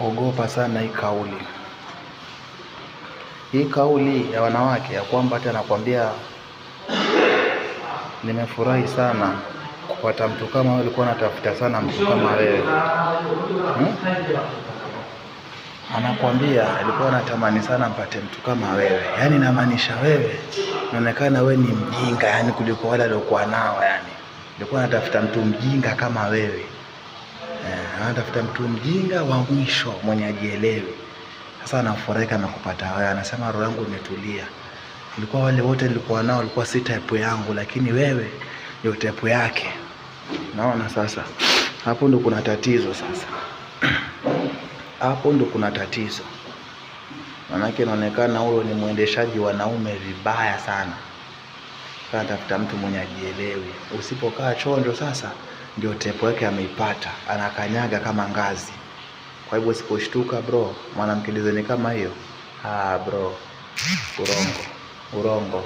ogopa sana hii kauli. Hii kauli ya wanawake ya kwamba hata anakuambia nimefurahi sana kupata mtu kama wewe, ulikuwa unatafuta sana mtu kama wewe hmm? Anakwambia alikuwa anatamani sana mpate mtu kama wewe, yaani namaanisha wewe naonekana wewe ni mjinga, yani kuliko wale aliokuwa nao, yani alikuwa anatafuta mtu mjinga kama wewe. Eh, anatafuta mtu mjinga wa mwisho mwenye ajielewi. Sasa anaforeka na kupata wewe, anasema roho yangu imetulia. Ilikuwa wale wote nilikuwa nao walikuwa si type yangu, lakini wewe ndio type yake. Naona sasa hapo ndo kuna tatizo sasa. Hapo ndo kuna tatizo, maanake inaonekana huyo ni mwendeshaji wanaume vibaya sana kaa tafuta mtu mwenye ajielewi. Usipokaa chondo sasa ndio tepo yake ameipata, anakanyaga kama ngazi. Kwa hivyo usiposhtuka bro, mwanamke design kama hiyo ah, bro, urongo urongo.